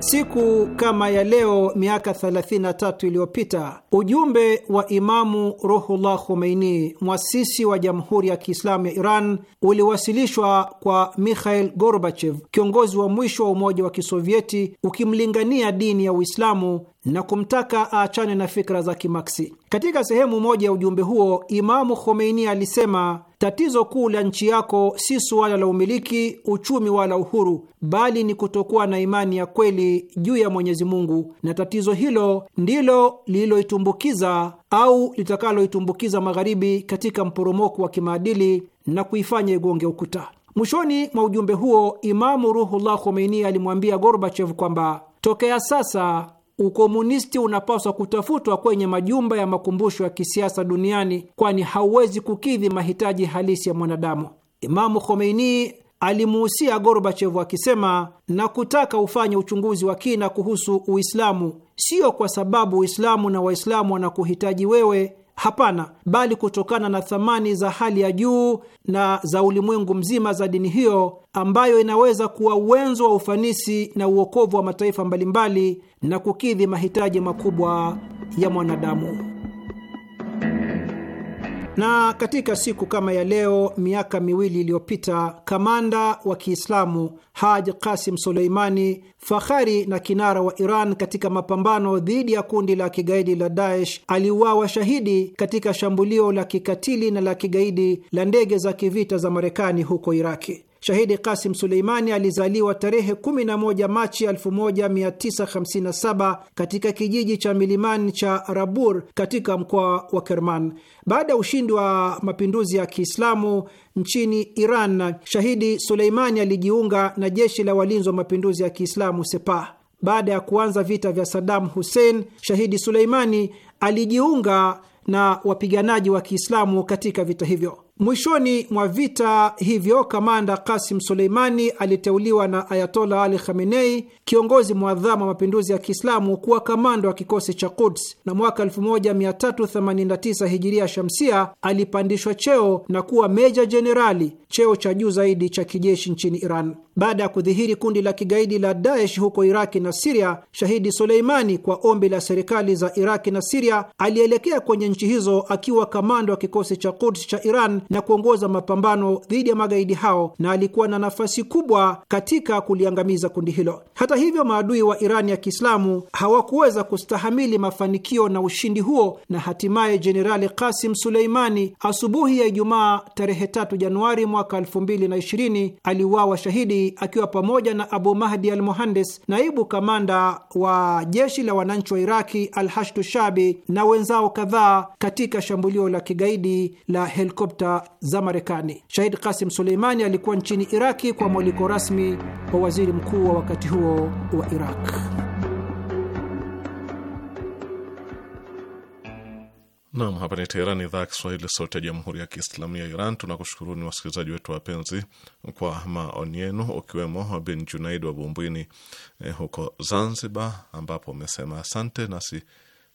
Siku kama ya leo miaka 33 iliyopita ujumbe wa Imamu Ruhullah Khomeini, mwasisi wa Jamhuri ya Kiislamu ya Iran, uliwasilishwa kwa Mikhail Gorbachev, kiongozi wa mwisho wa Umoja wa Kisovieti, ukimlingania dini ya Uislamu na kumtaka aachane na fikra za Kimaksi. Katika sehemu moja ya ujumbe huo, Imamu Khomeini alisema Tatizo kuu la nchi yako si suala la umiliki, uchumi wala uhuru, bali ni kutokuwa na imani ya kweli juu ya Mwenyezi Mungu, na tatizo hilo ndilo lililoitumbukiza au litakaloitumbukiza Magharibi katika mporomoko wa kimaadili na kuifanya igonge ukuta. Mwishoni mwa ujumbe huo, Imamu Ruhullah Khomeini alimwambia Gorbachev kwamba tokea sasa ukomunisti unapaswa kutafutwa kwenye majumba ya makumbusho ya kisiasa duniani, kwani hauwezi kukidhi mahitaji halisi ya mwanadamu. Imamu Khomeini alimuhusia Gorbachev akisema, na kutaka ufanye uchunguzi wa kina kuhusu Uislamu, sio kwa sababu Uislamu na Waislamu wanakuhitaji wewe Hapana, bali kutokana na thamani za hali ya juu na za ulimwengu mzima za dini hiyo ambayo inaweza kuwa uwenzo wa ufanisi na uokovu wa mataifa mbalimbali na kukidhi mahitaji makubwa ya mwanadamu. Na katika siku kama ya leo miaka miwili iliyopita, kamanda wa Kiislamu Haj Qasim Suleimani, fahari na kinara wa Iran katika mapambano dhidi ya kundi la kigaidi la Daesh, aliuawa shahidi katika shambulio la kikatili na la kigaidi la ndege za kivita za Marekani huko Iraki. Shahidi Kasim Suleimani alizaliwa tarehe 11 Machi 1957 katika kijiji cha milimani cha Rabur katika mkoa wa Kerman. Baada ya ushindi wa mapinduzi ya Kiislamu nchini Iran, Shahidi Suleimani alijiunga na jeshi la walinzi wa mapinduzi ya Kiislamu Sepah. Baada ya kuanza vita vya Saddam Hussein, Shahidi Suleimani alijiunga na wapiganaji wa Kiislamu katika vita hivyo. Mwishoni mwa vita hivyo, kamanda Kasim Suleimani aliteuliwa na Ayatola Ali Khamenei, kiongozi mwadhamu wa mapinduzi ya Kiislamu, kuwa kamanda wa kikosi cha Quds, na mwaka 1389 hijiria shamsia alipandishwa cheo na kuwa meja jenerali, cheo cha juu zaidi cha kijeshi nchini Iran. Baada ya kudhihiri kundi la kigaidi la Daesh huko Iraki na Siria, shahidi Suleimani, kwa ombi la serikali za Iraki na Siria, alielekea kwenye nchi hizo akiwa kamanda wa kikosi cha Quds cha Iran na kuongoza mapambano dhidi ya magaidi hao na alikuwa na nafasi kubwa katika kuliangamiza kundi hilo. Hata hivyo, maadui wa Irani ya Kiislamu hawakuweza kustahamili mafanikio na ushindi huo, na hatimaye Jenerali Kasim Suleimani asubuhi ya Ijumaa tarehe 3 Januari mwaka 2020 aliuawa shahidi akiwa pamoja na Abu Mahdi al Muhandes, naibu kamanda wa jeshi la wananchi wa Iraki al Hashdu Shabi na wenzao kadhaa katika shambulio la kigaidi la helikopta za Marekani. Shahid Kasim Suleimani alikuwa nchini Iraki kwa mwaliko rasmi wa waziri mkuu wa wakati huo wa Iraq. Nam, hapa ni Teherani, idhaa ya Kiswahili, sauti ya jamhuri ya kiislamu ya Iran. Tunakushukuruni wasikilizaji wetu wapenzi kwa maoni yenu, ukiwemo Bin Junaid wa Bumbwini eh, huko Zanzibar, ambapo amesema asante nasi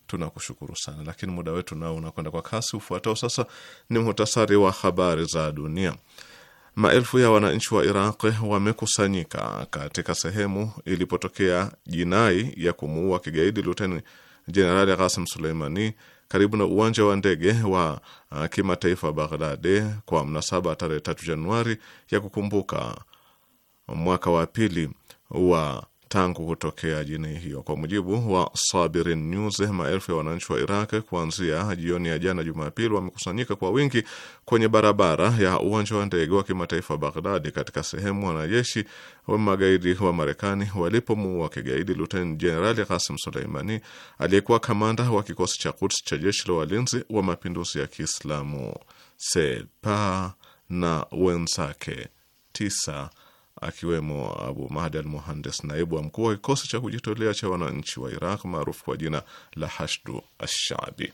tunakushukuru sana, lakini muda wetu nao unakwenda kwa kasi. Ufuatao sasa ni muhtasari wa habari za dunia. Maelfu ya wananchi wa Iraq wamekusanyika katika sehemu ilipotokea jinai ya kumuua kigaidi luteni jenerali Qasim Suleimani karibu na uwanja wa ndege wa uh, kimataifa Baghdad kwa mnasaba tarehe 3 Januari ya kukumbuka mwaka wa pili wa tangu kutokea jini hiyo. Kwa mujibu wa Sabirin News, maelfu ya wananchi wa Iraq kuanzia jioni ya jana Jumapili wamekusanyika kwa wingi kwenye barabara ya uwanja wa ndege wa kimataifa Baghdadi, katika sehemu wanajeshi wa magaidi wa Marekani walipomuua kigaidi Luteni Jenerali Qasim Suleimani aliyekuwa kamanda wa kikosi cha kuds cha jeshi la walinzi wa mapinduzi ya Kiislamu Sepa na wenzake tisa akiwemo Abu Mahdi al Muhandes, naibu wa mkuu wa kikosi cha kujitolea cha wananchi wa Iraq maarufu kwa jina la Hashdu Ashabi.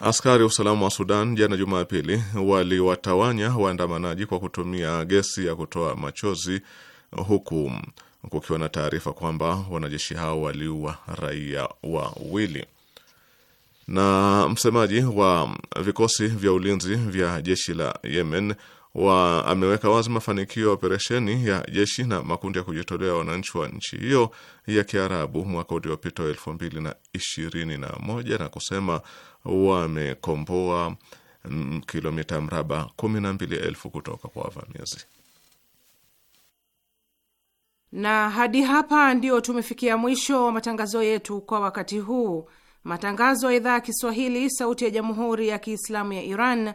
Askari usalama wa Sudan jana Jumapili waliwatawanya waandamanaji kwa kutumia gesi ya kutoa machozi, huku kukiwa na taarifa kwamba wanajeshi hao waliua raia wawili. Na msemaji wa vikosi vya ulinzi vya jeshi la Yemen wa ameweka wazi mafanikio ya operesheni ya jeshi na makundi ya kujitolea wananchi wa nchi hiyo ya Kiarabu mwaka uliopita wa elfu mbili na ishirini na moja na kusema wamekomboa mm, kilomita mraba kumi na mbili elfu kutoka kwa wavamizi. Na hadi hapa ndio tumefikia mwisho wa matangazo yetu kwa wakati huu. Matangazo ya idhaa ya Kiswahili sauti ya jamhuri ya Kiislamu ya Iran